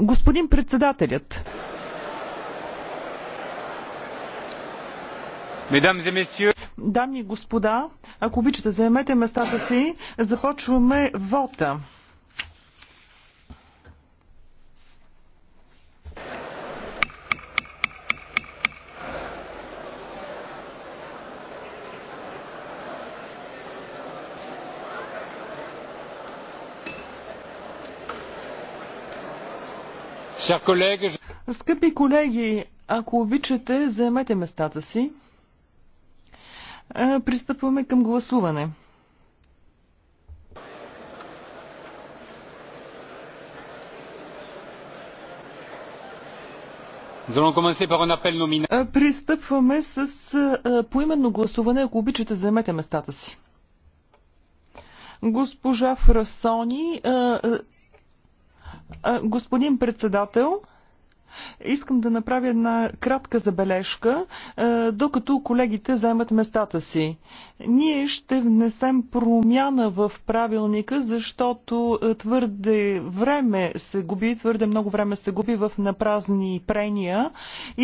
Господин председателят. Дами и господа, ако обичате, заемете местата си. Започваме вота. Скъпи колеги, ако обичате, заемете местата си. Е, пристъпваме към гласуване. Е, пристъпваме с е, поименно гласуване. Ако обичате, заемете местата си. Госпожа Фрасони Господин председател, Искам да направя една кратка забележка, докато колегите вземат местата си. Ние ще внесем промяна в правилника, защото твърде време се губи, твърде много време се губи в напразни прения